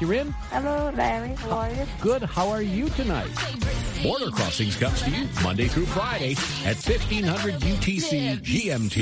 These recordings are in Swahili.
You're in? Hello, Larry. How are you? Good. How are you tonight? Border Crossings comes to you Monday through Friday at 1500 UTC GMT.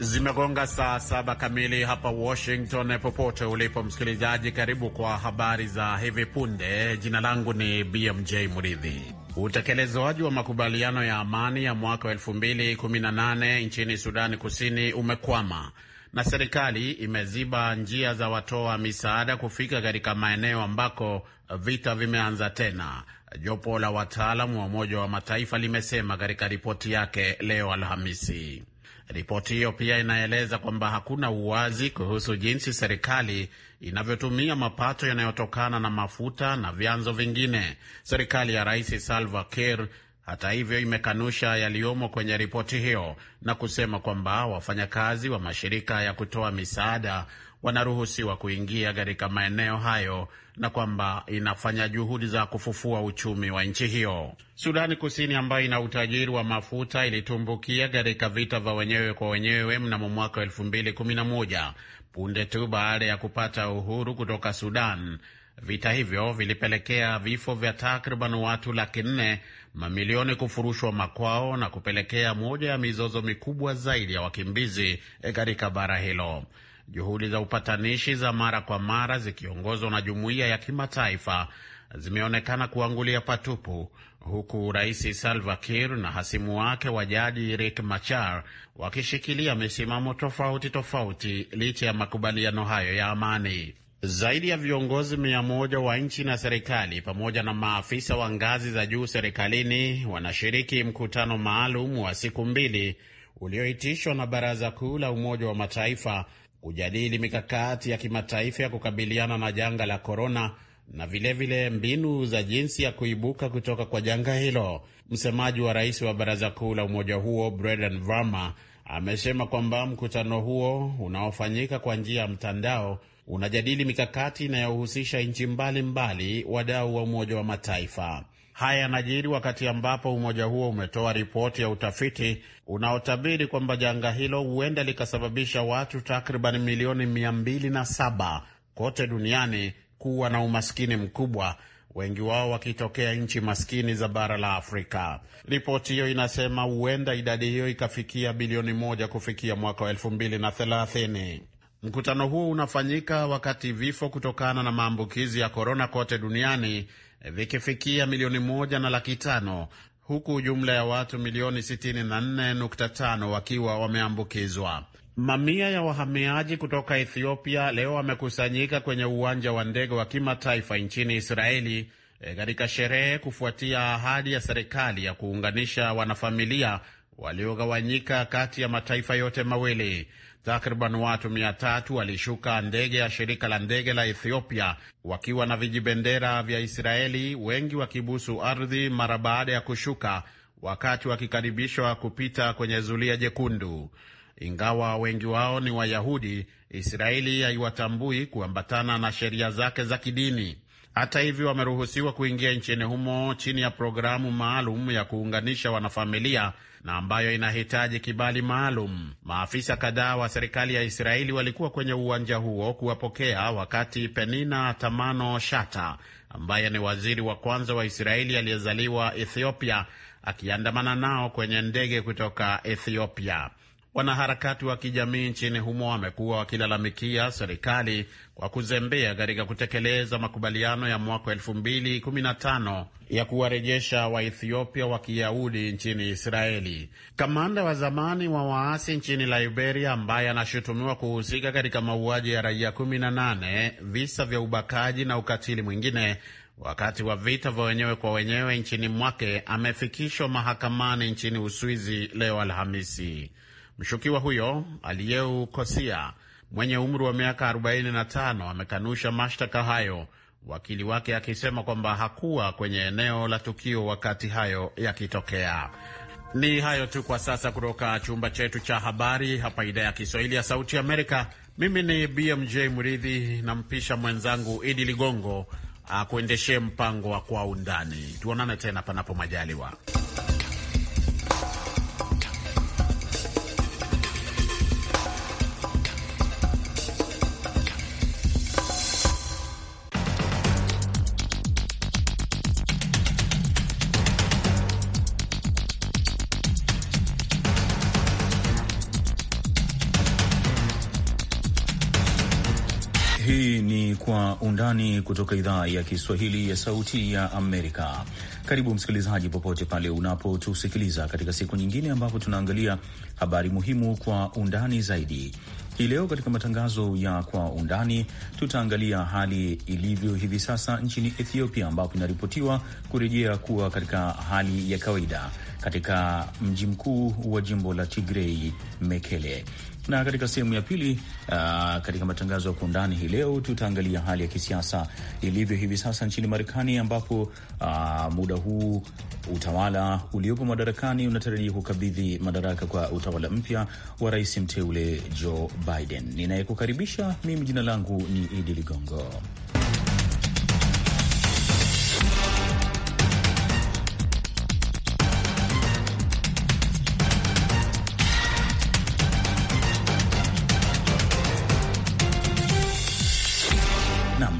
Zimegonga saa saba kamili hapa Washington. Popote ulipo msikilizaji, karibu kwa habari za hivi punde. Jina langu ni BMJ Muridhi. Utekelezwaji wa makubaliano ya amani ya mwaka wa 2018 nchini Sudani Kusini umekwama na serikali imeziba njia za watoa misaada kufika katika maeneo ambako vita vimeanza tena, jopo la wataalamu wa Umoja wa Mataifa limesema katika ripoti yake leo Alhamisi. Ripoti hiyo pia inaeleza kwamba hakuna uwazi kuhusu jinsi serikali inavyotumia mapato yanayotokana na mafuta na vyanzo vingine. Serikali ya Rais Salva Kiir hata hivyo imekanusha yaliyomo kwenye ripoti hiyo na kusema kwamba wafanyakazi wa mashirika ya kutoa misaada wanaruhusiwa kuingia katika maeneo hayo na kwamba inafanya juhudi za kufufua uchumi wa nchi hiyo. Sudani Kusini ambayo ina utajiri wa mafuta ilitumbukia katika vita vya wenyewe kwa wenyewe mnamo mwaka wa elfu mbili kumi na moja Punde tu baada ya kupata uhuru kutoka Sudan, vita hivyo vilipelekea vifo vya takriban watu laki nne, mamilioni kufurushwa makwao na kupelekea moja ya mizozo mikubwa zaidi ya wakimbizi eh, katika bara hilo. Juhudi za upatanishi za mara kwa mara zikiongozwa na jumuiya ya kimataifa zimeonekana kuangulia patupu huku Rais Salva Kiir na hasimu wake wa jadi Riek Machar wakishikilia misimamo tofauti tofauti licha ya makubaliano hayo ya amani. Zaidi ya viongozi mia moja wa nchi na serikali pamoja na maafisa wa ngazi za juu serikalini wanashiriki mkutano maalum wa siku mbili ulioitishwa na Baraza Kuu la Umoja wa Mataifa kujadili mikakati ya kimataifa ya kukabiliana na janga la korona na vilevile vile mbinu za jinsi ya kuibuka kutoka kwa janga hilo. Msemaji wa rais wa baraza kuu la umoja huo bredan Varma amesema kwamba mkutano huo unaofanyika kwa njia ya mtandao unajadili mikakati inayohusisha nchi mbalimbali, wadau wa Umoja wa Mataifa. Haya yanajiri wakati ambapo umoja huo umetoa ripoti ya utafiti unaotabiri kwamba janga hilo huenda likasababisha watu takriban milioni 207 kote duniani kuwa na umaskini mkubwa, wengi wao wakitokea nchi maskini za bara la Afrika. Ripoti hiyo inasema huenda idadi hiyo ikafikia bilioni moja kufikia mwaka wa elfu mbili na thelathini. Mkutano huo unafanyika wakati vifo kutokana na maambukizi ya korona kote duniani eh, vikifikia milioni moja na laki tano huku jumla ya watu milioni 64.5 wakiwa wameambukizwa. Mamia ya wahamiaji kutoka Ethiopia leo wamekusanyika kwenye uwanja wa ndege wa kimataifa nchini Israeli eh, katika e, sherehe kufuatia ahadi ya serikali ya kuunganisha wanafamilia waliogawanyika kati ya mataifa yote mawili. Takriban watu mia tatu walishuka ndege ya shirika la ndege la Ethiopia wakiwa na vijibendera vya Israeli, wengi wakibusu ardhi mara baada ya kushuka, wakati wakikaribishwa kupita kwenye zulia jekundu. Ingawa wengi wao ni Wayahudi, Israeli haiwatambui kuambatana na sheria zake za kidini. Hata hivyo, wameruhusiwa kuingia nchini humo chini ya programu maalum ya kuunganisha wanafamilia na ambayo inahitaji kibali maalum. Maafisa kadhaa wa serikali ya Israeli walikuwa kwenye uwanja huo kuwapokea, wakati Penina Tamano Shata ambaye ni waziri wa kwanza wa Israeli aliyezaliwa Ethiopia akiandamana nao kwenye ndege kutoka Ethiopia. Wanaharakati wa kijamii nchini humo wamekuwa wakilalamikia serikali kwa kuzembea katika kutekeleza makubaliano ya mwaka 2015 ya kuwarejesha Waethiopia wa Kiyahudi nchini Israeli. Kamanda wa zamani wa waasi nchini Liberia ambaye anashutumiwa kuhusika katika mauaji ya raia 18, visa vya ubakaji na ukatili mwingine wakati wa vita vya wenyewe kwa wenyewe nchini mwake amefikishwa mahakamani nchini Uswizi leo Alhamisi. Mshukiwa huyo aliyeukosia mwenye umri wa miaka 45 amekanusha mashtaka hayo, wakili wake akisema kwamba hakuwa kwenye eneo la tukio wakati hayo yakitokea. Ni hayo tu kwa sasa kutoka chumba chetu cha habari hapa idhaa ya Kiswahili ya Sauti Amerika. Mimi ni BMJ Mridhi, nampisha mwenzangu Idi Ligongo akuendeshee mpango wa Kwa Undani. Tuonane tena panapo majaliwa. Undani kutoka idhaa ya Kiswahili ya Sauti ya Amerika. Karibu msikilizaji, popote pale unapotusikiliza katika siku nyingine ambapo tunaangalia habari muhimu kwa undani zaidi. Hii leo katika matangazo ya Kwa Undani tutaangalia hali ilivyo hivi sasa nchini Ethiopia, ambapo inaripotiwa kurejea kuwa katika hali ya kawaida katika mji mkuu wa jimbo la Tigrei, Mekele. Na katika sehemu ya pili, uh, katika matangazo ya kwa undani hii leo tutaangalia hali ya kisiasa ilivyo hivi sasa nchini Marekani, ambapo uh, muda huu utawala uliopo madarakani unatarajia kukabidhi madaraka kwa utawala mpya wa rais mteule Joe Biden. Ninayekukaribisha mimi, jina langu ni Idi Ligongo.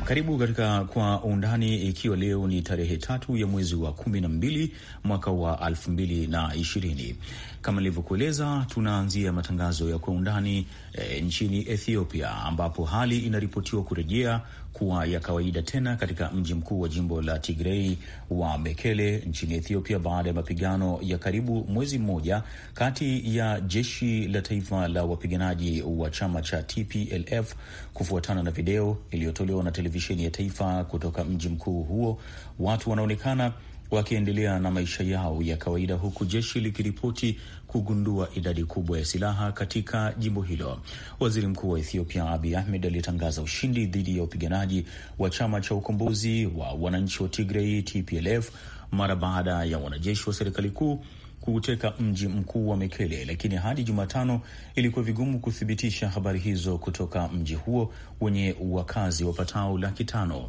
Karibu katika Kwa Undani, ikiwa leo ni tarehe tatu ya mwezi wa kumi na mbili mwaka wa elfu mbili na ishirini. Kama nilivyokueleza, tunaanzia matangazo ya kwa undani e, nchini Ethiopia ambapo hali inaripotiwa kurejea kuwa ya kawaida tena katika mji mkuu wa jimbo la Tigrei wa Mekele nchini Ethiopia baada ya mapigano ya karibu mwezi mmoja kati ya jeshi la taifa la wapiganaji wa chama cha TPLF kufuatana na video iliyotolewa na televisheni ya taifa kutoka mji mkuu huo, watu wanaonekana wakiendelea na maisha yao ya kawaida, huku jeshi likiripoti kugundua idadi kubwa ya silaha katika jimbo hilo. Waziri Mkuu wa Ethiopia Abiy Ahmed alitangaza ushindi dhidi ya wapiganaji wa chama cha ukombozi wa wananchi wa Tigrei TPLF mara baada ya wanajeshi wa serikali kuu kuuteka mji mkuu wa Mekele, lakini hadi Jumatano ilikuwa vigumu kuthibitisha habari hizo kutoka mji huo wenye wakazi wapatao laki tano.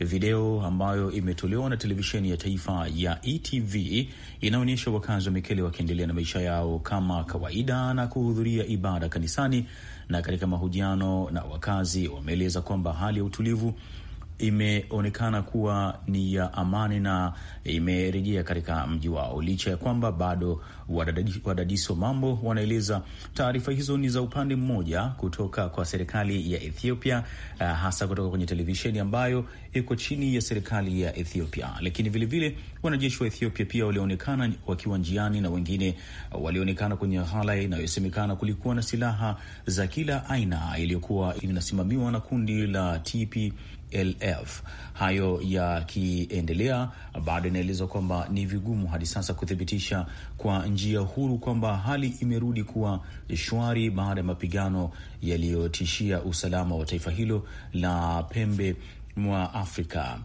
Video ambayo imetolewa na televisheni ya taifa ya ETV inaonyesha wakazi wa mikele wakiendelea na maisha yao kama kawaida na kuhudhuria ibada kanisani, na katika mahojiano na wakazi wameeleza kwamba hali ya utulivu imeonekana kuwa ni ya amani na imerejea katika mji wao, licha ya kwamba bado wadadisi wa mambo wanaeleza taarifa hizo ni za upande mmoja kutoka kwa serikali ya Ethiopia, uh, hasa kutoka kwenye televisheni ambayo iko chini ya serikali ya Ethiopia. Lakini vilevile wanajeshi wa Ethiopia pia walionekana wakiwa njiani na wengine walionekana kwenye ghala inayosemekana kulikuwa na silaha za kila aina iliyokuwa inasimamiwa na kundi la TP ELF. Hayo yakiendelea, bado inaelezwa kwamba ni vigumu hadi sasa kuthibitisha kwa njia huru kwamba hali imerudi kuwa shwari baada ya mapigano yaliyotishia usalama wa taifa hilo la pembe mwa Afrika.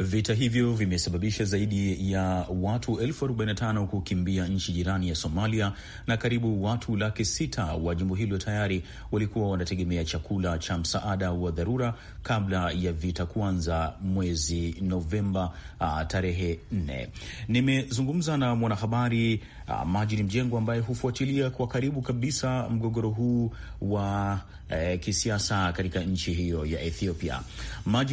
Vita hivyo vimesababisha zaidi ya watu elfu arobaini na tano kukimbia nchi jirani ya Somalia, na karibu watu laki sita wa jimbo hilo tayari walikuwa wanategemea chakula cha msaada wa dharura kabla ya vita kuanza mwezi Novemba ah, tarehe nne. Nimezungumza na mwanahabari uh, ni Mjengwa ambaye hufuatilia kwa karibu kabisa mgogoro huu wa uh, kisiasa katika nchi hiyo ya Ethiopia.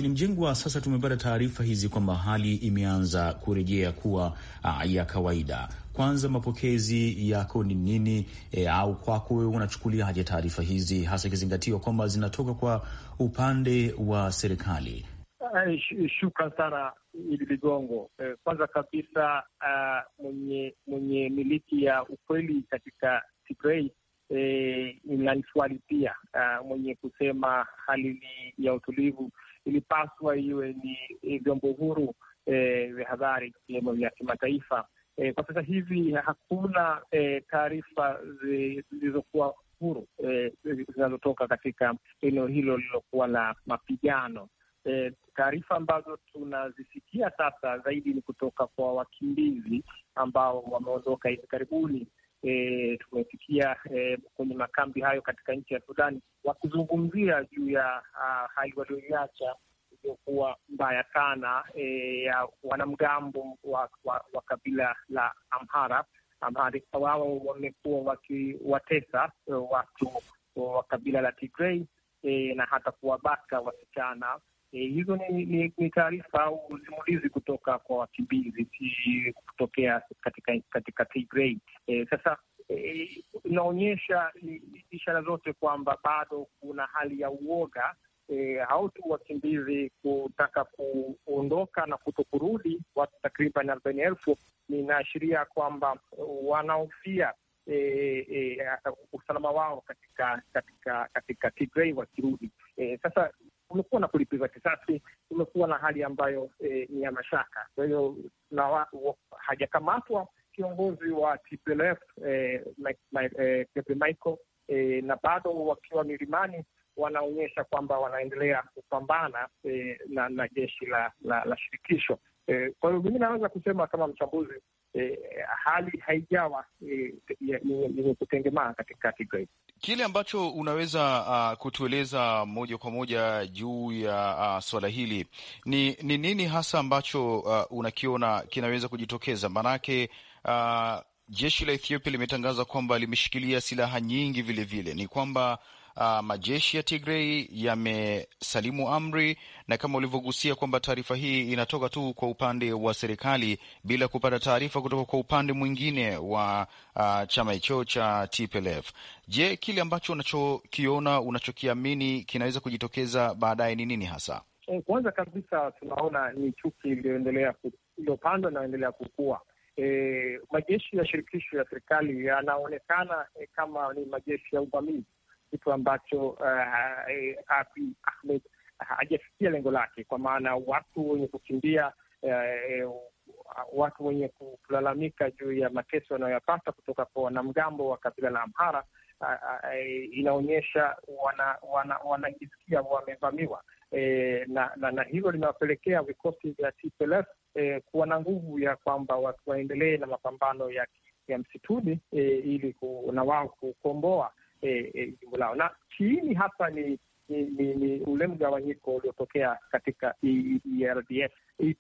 ni Mjengwa, sasa tumepata taarifa hizi kwamba hali imeanza kurejea kuwa uh, ya kawaida. Kwanza, mapokezi yako ni nini? E, au kwako wewe unachukuliaje taarifa hizi, hasa ikizingatiwa kwamba zinatoka kwa upande wa serikali? Eh, Shukran sana Idi Ligongo. Eh, kwanza kabisa uh, mwenye mwenye miliki ya ukweli katika Tigrei eh, inaniswali pia uh, mwenye kusema hali ya utulivu ilipaswa iwe ni vyombo huru vya e, habari vikiwemo vya kimataifa eh, kwa sasa hivi hakuna eh, taarifa zilizokuwa huru zinazotoka katika eneo hilo lililokuwa la mapigano eh, taarifa ambazo tunazisikia sasa zaidi ni kutoka kwa wakimbizi ambao wameondoka hivi karibuni. E, eh, tumefikia e, eh, kwenye makambi hayo katika nchi ya Sudani wakizungumzia juu ya uh, hali walioiacha iliyokuwa mbaya sana e, ya wanamgambo wa, wa, wa kabila la Amhara. Amhari wao wamekuwa wakiwatesa watu wa kabila la Tigrei e, na hata kuwabaka wasichana E, hizo ni, ni, ni taarifa au simulizi kutoka kwa wakimbizi si kutokea katika katika Tigray. E, sasa e, inaonyesha ishara zote kwamba bado kuna hali ya uoga e, au tu wakimbizi kutaka kuondoka na kuto kurudi, watu takriban arobaini elfu inaashiria kwamba wanaofia e, e, usalama wao katika katika katika Tigray wakirudi. E, sasa kumekuwa na kulipiza kisasi, kumekuwa na hali ambayo e, ni ya mashaka. Kwa hiyo hajakamatwa kiongozi wa TPLF eh, e, e Michael e, na bado wakiwa milimani wanaonyesha kwamba wanaendelea kupambana e, na, na jeshi la, la, la shirikisho e, Kwa hiyo mimi naweza kusema kama mchambuzi eh, hali haijawa yenye eh, kutengemaa katika Tigray. Kile ambacho unaweza uh, kutueleza moja kwa moja juu ya uh, swala hili ni, ni nini hasa ambacho uh, unakiona kinaweza kujitokeza? Maanake uh, jeshi la Ethiopia limetangaza kwamba limeshikilia silaha nyingi vilevile vile. Ni kwamba uh, majeshi ya Tigrei yamesalimu amri, na kama ulivyogusia kwamba taarifa hii inatoka tu kwa upande wa serikali bila kupata taarifa kutoka kwa upande mwingine wa uh, chama hicho cha TPLF. Je, kile ambacho unachokiona unachokiamini kinaweza kujitokeza baadaye ni nini hasa? E, kwanza kabisa tunaona ni chuki iliyoendelea iliyopandwa inayoendelea kukua. E, majeshi ya shirikisho ya serikali yanaonekana e, kama ni majeshi ya uvamizi kitu ambacho uh, Abiy Ahmed hajafikia lengo lake, kwa maana watu wenye kukimbia uh, watu wenye kulalamika juu ya mateso wanayoyapata kutoka kwa wanamgambo wa kabila la Amhara uh, uh, inaonyesha wanajisikia wana, wana wamevamiwa E, na, na, na hilo linawapelekea vikosi vya TPLF e, kuwa na nguvu ya kwamba waendelee na mapambano ya, ya msituni e, ili ku, na wao kukomboa Eh, eh, jimbo lao. Na kiini hapa ni ni, ni, ni ule mgawanyiko uliotokea katika EPRDF, e,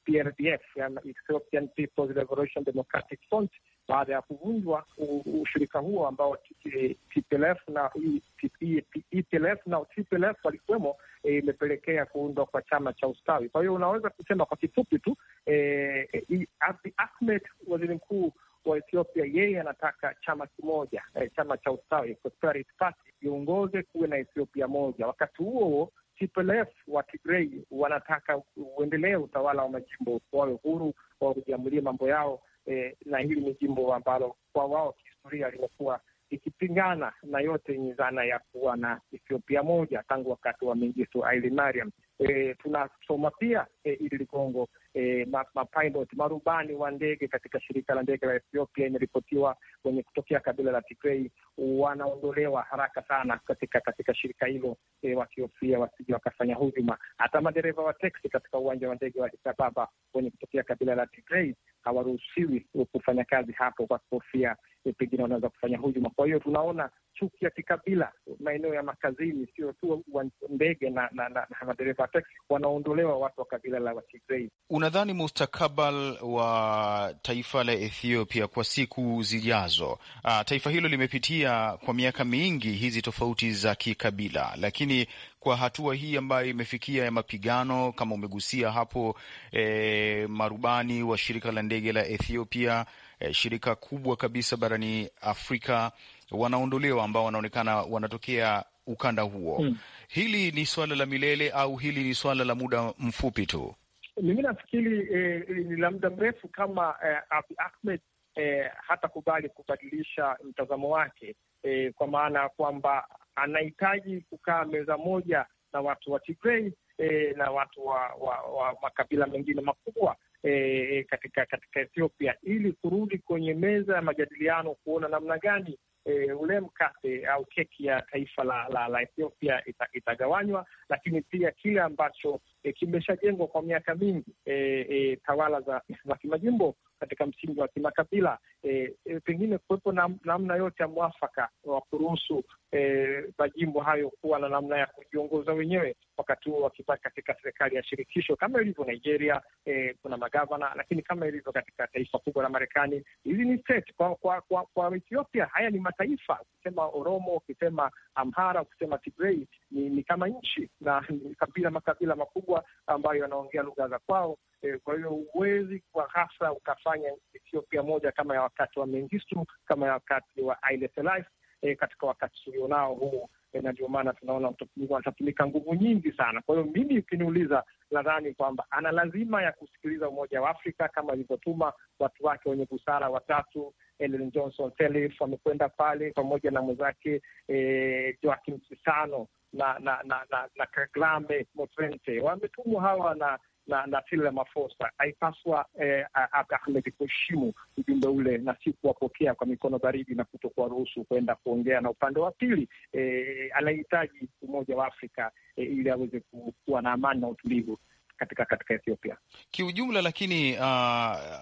e, e, Ethiopian People's Liberation Democratic Front, baada ya kuvunjwa ushirika huo ambao TPLF na EPLF na TPLF walikuwemo, eh, imepelekea kuundwa kwa chama cha ustawi. Kwa hiyo unaweza kusema kwa kifupi tu, Abiy Ahmed waziri mkuu Ethiopia yeye anataka chama kimoja, eh, chama cha ustawi Prosperity Party kiongoze, kuwe na Ethiopia moja. Wakati huo TPLF wa Tigrei wanataka uendelee utawala wa majimbo, wawe huru, kujiamulia mambo yao. Eh, na hili ni jimbo ambalo kwa wao kihistoria limekuwa ikipingana na yote yenye dhana ya kuwa na Ethiopia moja tangu wakati wa Mengistu Haile Mariam. E, tunasoma pia yake eh, ili ligongo eh, mapilot ma marubani wa ndege katika shirika la ndege la Ethiopia imeripotiwa wenye kutokea kabila la Tigrei wanaondolewa haraka sana katika katika shirika hilo eh, wakihofia wasije wakafanya hujuma. Hata madereva wa teksi katika uwanja wa ndege wa Addis wenye kutokea kabila la Tigrei hawaruhusiwi kufanya kazi hapo kwa kuhofia eh, pengine wanaweza kufanya hujuma. Kwa hiyo tunaona chuki ya kikabila maeneo ya makazini, sio tu ndege na, na, na, na madereva wa teksi, wanaondolewa watu wa kabila kabila la Watigray. Unadhani mustakabali wa taifa la Ethiopia kwa siku zijazo? Uh, taifa hilo limepitia kwa miaka mingi hizi tofauti za kikabila, lakini kwa hatua hii ambayo imefikia ya mapigano kama umegusia hapo, e, marubani wa shirika la ndege la Ethiopia, e, shirika kubwa kabisa barani Afrika wanaondolewa ambao wanaonekana wanatokea ukanda huo hmm. Hili ni swala la milele au hili ni swala la muda mfupi tu? Mimi nafikiri eh, ni la muda mrefu kama eh, Abi Ahmed eh, hatakubali kubadilisha mtazamo wake eh, kwa maana ya kwamba anahitaji kukaa meza moja na watu wa Tigrei eh, na watu wa, wa, wa makabila mengine makubwa eh, katika katika Ethiopia ili kurudi kwenye meza ya majadiliano kuona namna gani eh, ule mkate au keki ya taifa la, la, la Ethiopia ita, itagawanywa, lakini pia kile ambacho eh, kimeshajengwa kwa miaka mingi eh, eh, tawala za, za kimajimbo katika msingi wa kimakabila e, e, pengine kuwepo na namna yote ya mwafaka wa kuruhusu e, majimbo hayo kuwa na namna ya kujiongoza wenyewe, wakati huo wakipata katika serikali ya shirikisho kama ilivyo Nigeria. E, kuna magavana, lakini kama ilivyo katika taifa kubwa la Marekani, hizi ni state. Kwa, kwa, kwa, kwa Ethiopia haya ni mataifa. Ukisema Oromo, ukisema Amhara, ukisema Tigrei ni, ni kama nchi na ni kabila makabila makubwa ambayo yanaongea lugha za kwao. E, kwa hiyo huwezi kwa ghafla ukafanya Ethiopia moja kama ya wakati wa Mengistu kama wakati wa Haile Selassie e, eh, katika wakati tulionao huu e, eh, na ndio maana tunaona watatumika nguvu nyingi sana. Kwa hiyo mimi ukiniuliza, nadhani kwamba ana lazima ya kusikiliza Umoja wa Afrika kama ilivyotuma watu wake wenye busara watatu Ellen Johnson Sirleaf wamekwenda pale pamoja na mwenzake e, eh, Joaquim Chissano na na na na, na Kgalame Motlanthe wametumwa hawa na na, na Cyril Ramaphosa aipaswa eh, Ahmed kuheshimu ujumbe ule na si kuwapokea kwa mikono baridi na kuto ruhusu kwenda kuongea na upande wa pili. Eh, anahitaji Umoja wa Afrika eh, ili aweze kuwa na amani na utulivu katika katika Ethiopia kiujumla. Lakini uh,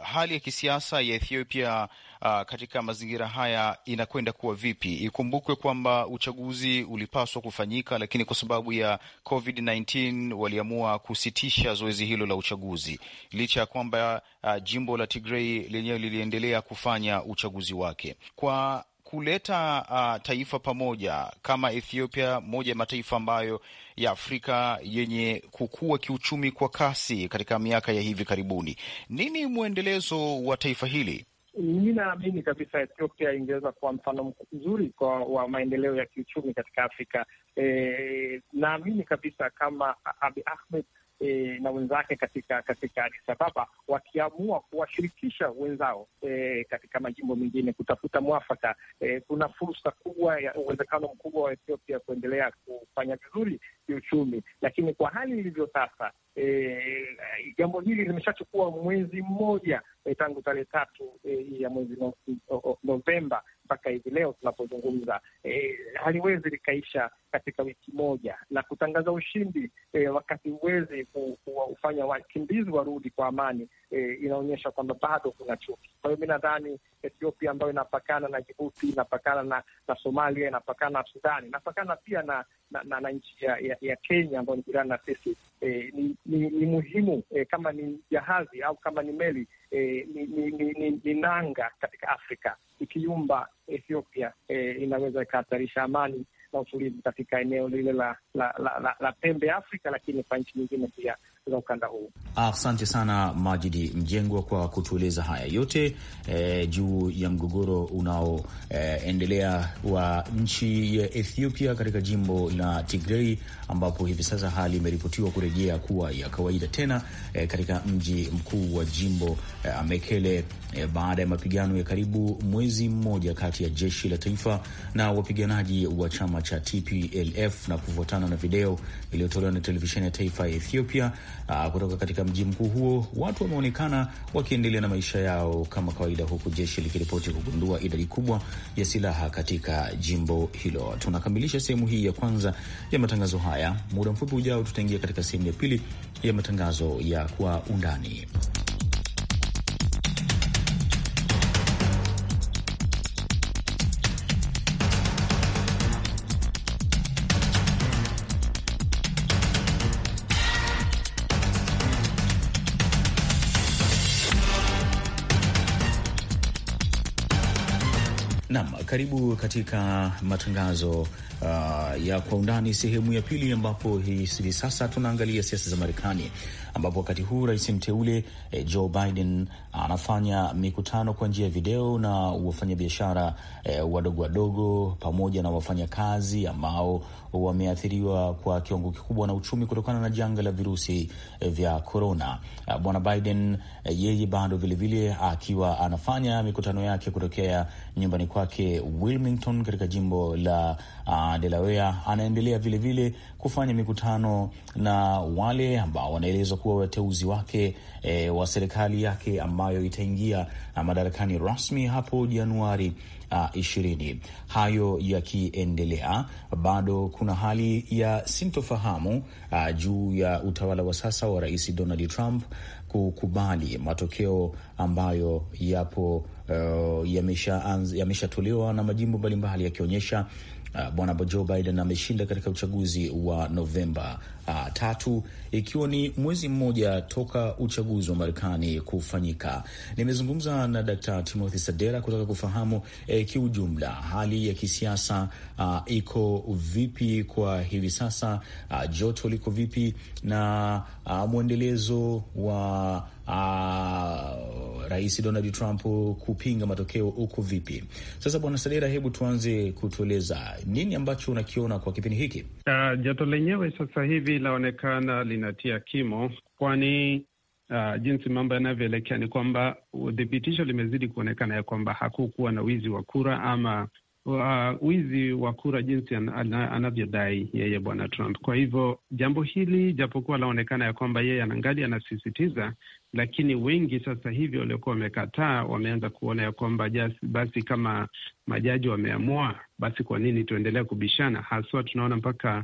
hali ya kisiasa ya Ethiopia uh, katika mazingira haya inakwenda kuwa vipi? Ikumbukwe kwamba uchaguzi ulipaswa kufanyika, lakini kwa sababu ya COVID-19 waliamua kusitisha zoezi hilo la uchaguzi, licha ya kwamba uh, jimbo la Tigray lenyewe liliendelea kufanya uchaguzi wake kwa kuleta uh, taifa pamoja kama Ethiopia, moja ya mataifa ambayo ya Afrika yenye kukua kiuchumi kwa kasi katika miaka ya hivi karibuni. Nini mwendelezo wa taifa hili? mi naamini kabisa Ethiopia ingeweza kuwa mfano mzuri kwa wa maendeleo ya kiuchumi katika Afrika. E, naamini kabisa kama Abi Ahmed e, na wenzake katika katika Addis Ababa, wakiamua kuwashirikisha wenzao e, katika majimbo mengine kutafuta mwafaka. E, kuna fursa kubwa ya uwezekano mkubwa wa Ethiopia kuendelea kufanya vizuri kiuchumi, lakini kwa hali ilivyo sasa E, jambo hili limeshachukua mwezi mmoja e, tangu tarehe tatu e, ya mwezi no, no, Novemba mpaka hivi leo tunapozungumza, e, haliwezi likaisha katika wiki moja na kutangaza ushindi e, wakati huwezi kufanya wakimbizi warudi kwa amani e, inaonyesha kwamba bado kuna chuki. Kwa hiyo mi nadhani Ethiopia ambayo inapakana na Jibuti, inapakana na, na Somalia, inapakana na Sudani, inapakana pia na, na, na, na nchi ya, ya, ya Kenya ambayo ni jirani na sisi e, ni, ni, ni muhimu e, kama ni jahazi au kama ni meli eh, ni, ni, ni, ni, ni nanga katika Afrika. Ikiumba Ethiopia eh, inaweza ikahatarisha amani na utulivu katika eneo lile la, la, la, la, la pembe Afrika, lakini kwa nchi nyingine pia za ukanda huu. Asante sana Majidi Mjengwa kwa kutueleza haya yote eh, juu ya mgogoro unaoendelea eh, wa nchi ya Ethiopia katika jimbo la Tigrei ambapo hivi sasa hali imeripotiwa kurejea kuwa ya kawaida tena e, katika mji mkuu wa jimbo e, eh, Mekele e, eh, baada ya mapigano ya karibu mwezi mmoja kati ya jeshi la taifa na wapiganaji wa chama cha TPLF na kufuatana na video iliyotolewa na televisheni ya taifa ya Ethiopia uh, kutoka katika mji mkuu huo, watu wameonekana wakiendelea na maisha yao kama kawaida, huku jeshi likiripoti kugundua idadi kubwa ya silaha katika jimbo hilo. Tunakamilisha sehemu hii ya kwanza ya matangazo haya. Muda mfupi ujao, tutaingia katika sehemu ya pili ya matangazo ya kwa undani. Naam, karibu katika matangazo uh, ya kwa undani sehemu ya pili, ambapo hivi sasa tunaangalia siasa za Marekani ambapo wakati huu rais mteule e, Joe Biden ah, anafanya mikutano kwa njia ya video na wafanyabiashara e, wadogo wadogo pamoja na wafanyakazi ambao wameathiriwa kwa kiwango kikubwa na uchumi kutokana na janga la virusi e, vya korona. Ah, bwana Biden e, yeye bado vilevile akiwa anafanya mikutano yake kutokea nyumbani kwake Wilmington katika jimbo la uh, Delaware, anaendelea vilevile kufanya mikutano na wale ambao wanaelezwa kuwa wateuzi wake e, wa serikali yake ambayo itaingia madarakani rasmi hapo Januari uh, ishirini. Hayo yakiendelea, bado kuna hali ya sintofahamu uh, juu ya utawala wa sasa wa Rais Donald Trump kukubali matokeo ambayo yapo uh, yameshatolewa yamesha na majimbo mbalimbali yakionyesha uh, bwana Joe Biden ameshinda katika uchaguzi wa Novemba uh, tatu ikiwa ni mwezi mmoja toka uchaguzi wa Marekani kufanyika. Nimezungumza na d Timothy Sadera kutaka kufahamu eh, kiujumla hali ya kisiasa uh, iko vipi kwa hivi sasa, uh, joto liko vipi na uh, mwendelezo wa uh, Rais Donald Trump kupinga matokeo uko vipi sasa? Bwana Sadera, hebu tuanze kutueleza nini ambacho unakiona kwa kipindi hiki. Uh, joto lenyewe sasa hivi linaonekana linatia kimo, kwani uh, jinsi mambo yanavyoelekea ni kwamba uthibitisho limezidi kuonekana ya kwamba hakukuwa na wizi wa kura ama uh, wizi wa kura jinsi an, an, anavyodai yeye Bwana Trump. Kwa hivyo jambo hili japokuwa laonekana ya kwamba yeye anangali anasisitiza, lakini wengi sasa hivi waliokuwa wamekataa wameanza kuona ya kwamba basi, kama majaji wameamua, basi kwa nini tuendelea kubishana? Haswa tunaona mpaka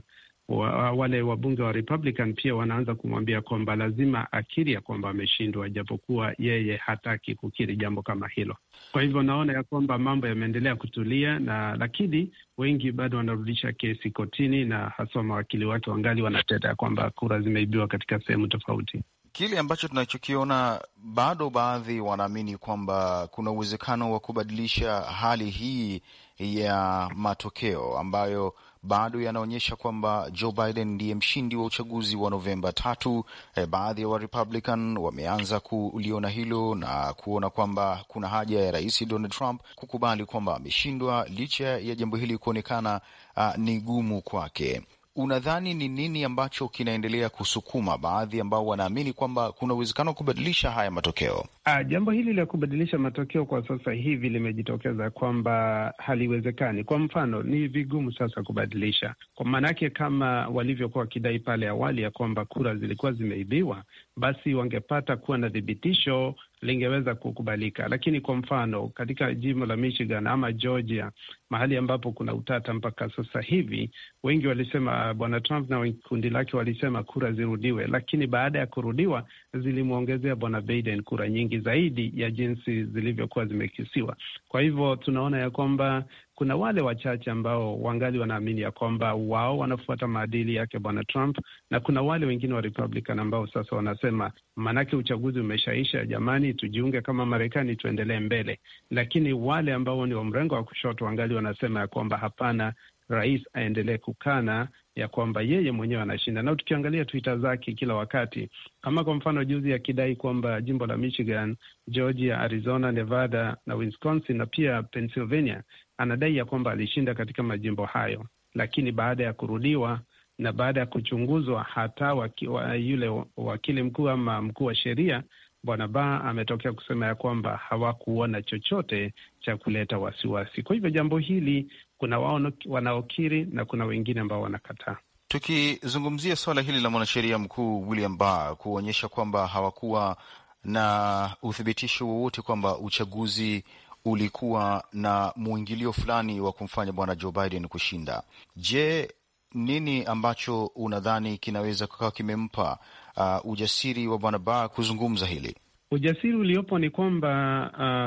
wa, wale wabunge wa Republican pia wanaanza kumwambia kwamba lazima akiri ya kwamba ameshindwa, japokuwa yeye hataki kukiri jambo kama hilo. Kwa hivyo naona ya kwamba mambo yameendelea kutulia, na lakini wengi bado wanarudisha kesi kotini, na haswa mawakili wake wangali wanateta ya kwamba kura zimeibiwa katika sehemu tofauti. Kile ambacho tunachokiona bado, baadhi wanaamini kwamba kuna uwezekano wa kubadilisha hali hii ya matokeo ambayo bado yanaonyesha kwamba Joe Biden ndiye mshindi wa uchaguzi wa Novemba tatu. E, baadhi ya wa Republican wameanza kuliona hilo na kuona kwamba kuna haja ya Rais Donald Trump kukubali kwamba ameshindwa, licha ya jambo hili kuonekana ah, ni gumu kwake. Unadhani ni nini ambacho kinaendelea kusukuma baadhi ambao wanaamini kwamba kuna uwezekano wa kubadilisha haya matokeo? Uh, jambo hili la kubadilisha matokeo kwa sasa hivi limejitokeza kwamba haliwezekani. Kwa mfano, ni vigumu sasa kubadilisha, kwa maanake kama walivyokuwa wakidai pale awali ya kwamba kura zilikuwa zimeibiwa, basi wangepata kuwa na thibitisho lingeweza kukubalika. Lakini kwa mfano, katika jimbo la Michigan ama Georgia, mahali ambapo kuna utata mpaka sasa hivi, wengi walisema, ah, bwana Trump na kundi lake walisema kura zirudiwe, lakini baada ya kurudiwa zilimwongezea bwana Biden kura nyingi nyingi zaidi ya jinsi zilivyokuwa zimekisiwa. Kwa hivyo tunaona ya kwamba kuna wale wachache ambao wangali wanaamini ya kwamba wao wanafuata maadili yake Bwana Trump, na kuna wale wengine wa Republican ambao sasa wanasema maanake uchaguzi umeshaisha, jamani, tujiunge kama Marekani, tuendelee mbele. Lakini wale ambao ni wa mrengo wa kushoto wangali wanasema ya kwamba hapana, rais aendelee kukana ya kwamba yeye mwenyewe anashinda, na tukiangalia Twitter zake kila wakati, kama kwa mfano juzi akidai kwamba jimbo la Michigan, Georgia, Arizona, Nevada na Wisconsin na pia Pennsylvania, anadai ya kwamba alishinda katika majimbo hayo, lakini baada ya kurudiwa na baada ya kuchunguzwa, hata waki, wa, yule wakili mkuu ama mkuu wa sheria Bwana Ba ametokea kusema ya kwamba hawakuona chochote cha kuleta wasiwasi. Kwa hivyo jambo hili kuna wao wanaokiri na kuna wengine ambao wanakataa. Tukizungumzia swala hili la mwanasheria mkuu William Barr kuonyesha kwamba hawakuwa na uthibitisho wowote kwamba uchaguzi ulikuwa na mwingilio fulani wa kumfanya bwana Joe Biden kushinda. Je, nini ambacho unadhani kinaweza kukawa kimempa uh, ujasiri wa bwana Barr kuzungumza hili? Ujasiri uliopo ni kwamba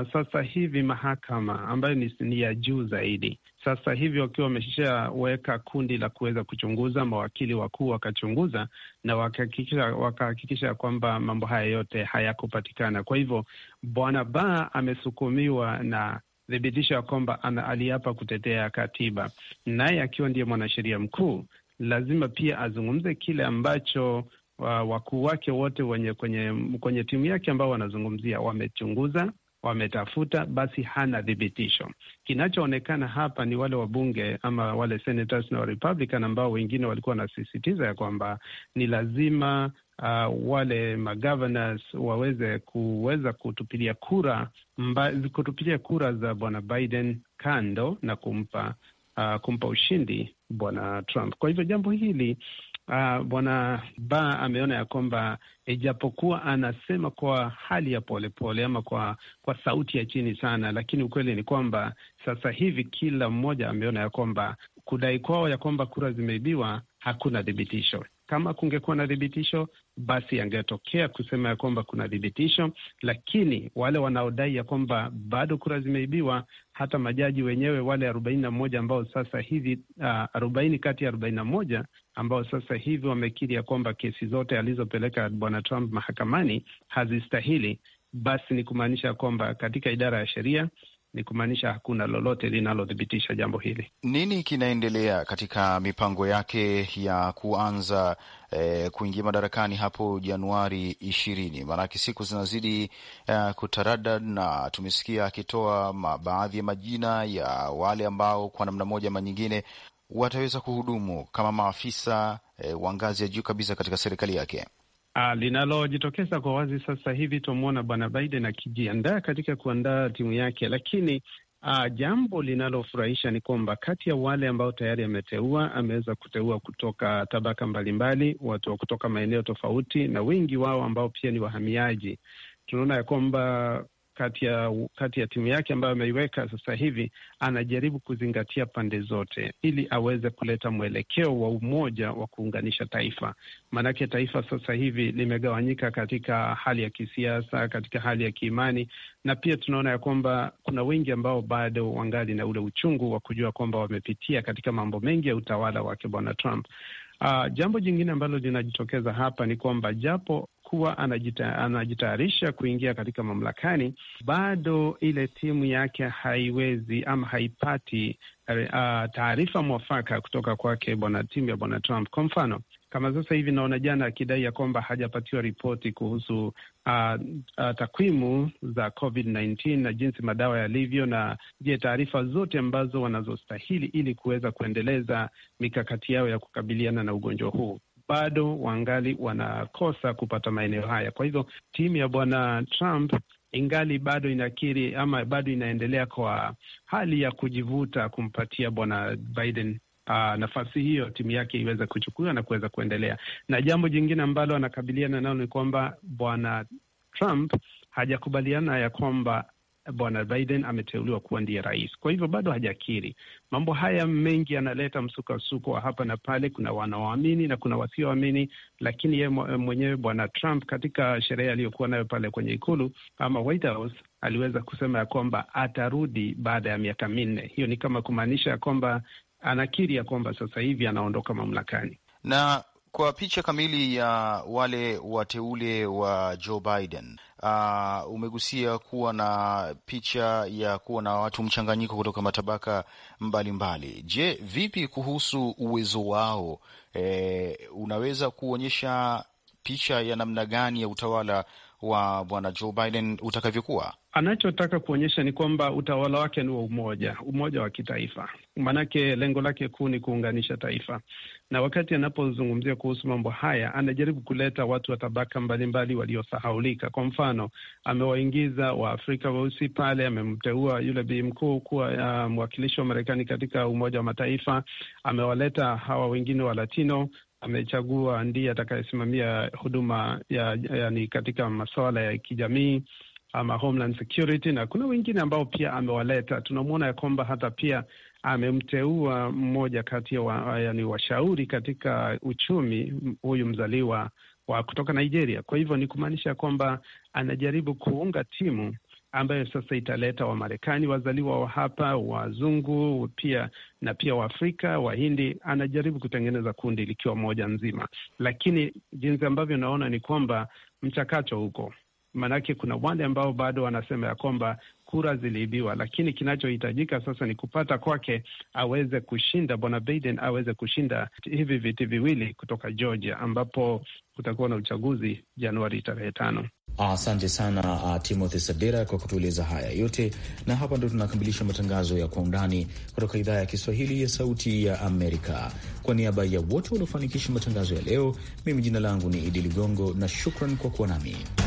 uh, sasa hivi mahakama ambayo ni, ni ya juu zaidi sasa hivi wakiwa wameshaweka kundi la kuweza kuchunguza, mawakili wakuu wakachunguza na wakahakikisha ya kwamba mambo haya yote hayakupatikana. Kwa hivyo bwana Ba amesukumiwa na thibitisho ya kwamba aliapa kutetea katiba, naye akiwa ndiye mwanasheria mkuu lazima pia azungumze kile ambacho wakuu wake wote wenye kwenye, kwenye timu yake ambao wanazungumzia wamechunguza, wametafuta, basi hana thibitisho. Kinachoonekana hapa ni wale wabunge ama wale senators na Warepublican ambao wengine walikuwa wanasisitiza ya kwamba ni lazima Uh, wale magovernors waweze kuweza kutupilia kura mba, kutupilia kura za bwana Biden kando na kumpa uh, kumpa ushindi bwana Trump. Kwa hivyo jambo hili uh, bwana Ba ameona ya kwamba ijapokuwa anasema kwa hali ya polepole pole, ama kwa kwa sauti ya chini sana, lakini ukweli ni kwamba sasa hivi kila mmoja ameona ya kwamba kudai kwao ya kwamba kura zimeibiwa hakuna thibitisho. Kama kungekuwa na thibitisho, basi angetokea kusema ya kwamba kuna thibitisho, lakini wale wanaodai ya kwamba bado kura zimeibiwa, hata majaji wenyewe wale arobaini na moja ambao sasa hivi ah, arobaini uh, kati ya arobaini na moja ambao sasa hivi wamekiri ya kwamba kesi zote alizopeleka bwana Trump mahakamani hazistahili, basi ni kumaanisha kwamba katika idara ya sheria ni kumaanisha hakuna lolote linalothibitisha jambo hili. Nini kinaendelea katika mipango yake ya kuanza eh, kuingia madarakani hapo Januari ishirini? Maanake siku zinazidi eh, kutaradad na tumesikia akitoa baadhi ya majina ya wale ambao kwa namna moja ama nyingine wataweza kuhudumu kama maafisa e, wa ngazi ya juu kabisa katika serikali yake? Ah, linalojitokeza kwa wazi sasa hivi tumwona bwana Biden akijiandaa katika kuandaa timu yake, lakini a, ah, jambo linalofurahisha ni kwamba kati ya wale ambao tayari ameteua, ameweza kuteua kutoka tabaka mbalimbali, watu wa kutoka maeneo tofauti, na wengi wao ambao pia ni wahamiaji. Tunaona ya kwamba kati ya kati ya timu yake ambayo ameiweka sasa hivi, anajaribu kuzingatia pande zote ili aweze kuleta mwelekeo wa umoja wa kuunganisha taifa. Maanake taifa sasa hivi limegawanyika katika hali ya kisiasa, katika hali ya kiimani, na pia tunaona ya kwamba kuna wengi ambao bado wangali na ule uchungu wa kujua kwamba wamepitia katika mambo mengi ya utawala wake Bwana Trump. Uh, jambo jingine ambalo linajitokeza hapa ni kwamba japo kuwa anajita, anajitayarisha kuingia katika mamlakani, bado ile timu yake haiwezi ama haipati uh, taarifa mwafaka kutoka kwake bwana timu ya bwana Trump. Kwa mfano kama sasa hivi naona jana akidai ya kwamba hajapatiwa ripoti kuhusu uh, uh, takwimu za COVID-19 na jinsi madawa yalivyo, na je, taarifa zote ambazo wanazostahili ili kuweza kuendeleza mikakati yao ya kukabiliana na ugonjwa huu bado wangali wanakosa kupata maeneo haya. Kwa hivyo timu ya bwana Trump ingali bado inakiri ama bado inaendelea kwa hali ya kujivuta kumpatia bwana Biden Uh, nafasi hiyo timu yake iweze kuchukua na kuweza kuendelea. Na jambo jingine ambalo anakabiliana nalo ni kwamba bwana Trump hajakubaliana ya kwamba Bwana Biden ameteuliwa kuwa ndiye rais, kwa hivyo bado hajakiri. Mambo haya mengi yanaleta msukasuko wa hapa na pale, kuna wanaoamini na kuna wasioamini, lakini yeye mwenyewe Bwana Trump katika sherehe aliyokuwa nayo pale kwenye ikulu ama White House aliweza kusema ya kwamba atarudi baada ya miaka minne. Hiyo ni kama kumaanisha ya kwamba anakiri ya kwamba sasa hivi anaondoka mamlakani na kwa picha kamili ya wale wateule wa Joe Biden. Uh, umegusia kuwa na picha ya kuwa na watu mchanganyiko kutoka matabaka mbalimbali mbali. Je, vipi kuhusu uwezo wao? Eh, unaweza kuonyesha picha ya namna gani ya utawala wa bwana Joe Biden utakavyokuwa? Anachotaka kuonyesha ni kwamba utawala wake ni wa umoja, umoja wa kitaifa. Maanake lengo lake kuu ni kuunganisha taifa, na wakati anapozungumzia kuhusu mambo haya, anajaribu kuleta watu wa tabaka mbalimbali waliosahaulika. Kwa mfano, amewaingiza Waafrika weusi pale, amemteua yule Bi mkuu kuwa mwakilishi wa Marekani katika Umoja wa Mataifa, amewaleta hawa wengine wa Latino amechagua ndiye atakayesimamia huduma ya, yani katika masuala ya kijamii ama Homeland Security, na kuna wengine ambao pia amewaleta. Tunamwona ya kwamba hata pia amemteua mmoja kati ya wa, yani washauri katika uchumi, huyu mzaliwa wa kutoka Nigeria. Kwa hivyo ni kumaanisha kwamba anajaribu kuunga timu ambayo sasa italeta Wamarekani wazaliwa wa hapa, wazungu pia na pia Waafrika, Wahindi. Anajaribu kutengeneza kundi likiwa moja nzima, lakini jinsi ambavyo naona ni kwamba mchakato huko maanake kuna wale ambao bado wanasema ya kwamba kura ziliibiwa, lakini kinachohitajika sasa ni kupata kwake aweze kushinda, bwana Biden aweze kushinda hivi viti viwili kutoka Georgia, ambapo kutakuwa na uchaguzi Januari tarehe tano. Asante sana uh, Timothy Sadera kwa kutueleza haya yote, na hapa ndo tunakamilisha matangazo ya Kwa Undani kutoka idhaa ya Kiswahili ya Sauti ya Amerika. Kwa niaba ya wote waliofanikisha matangazo ya leo, mimi jina langu ni Idi Ligongo na shukran kwa kuwa nami.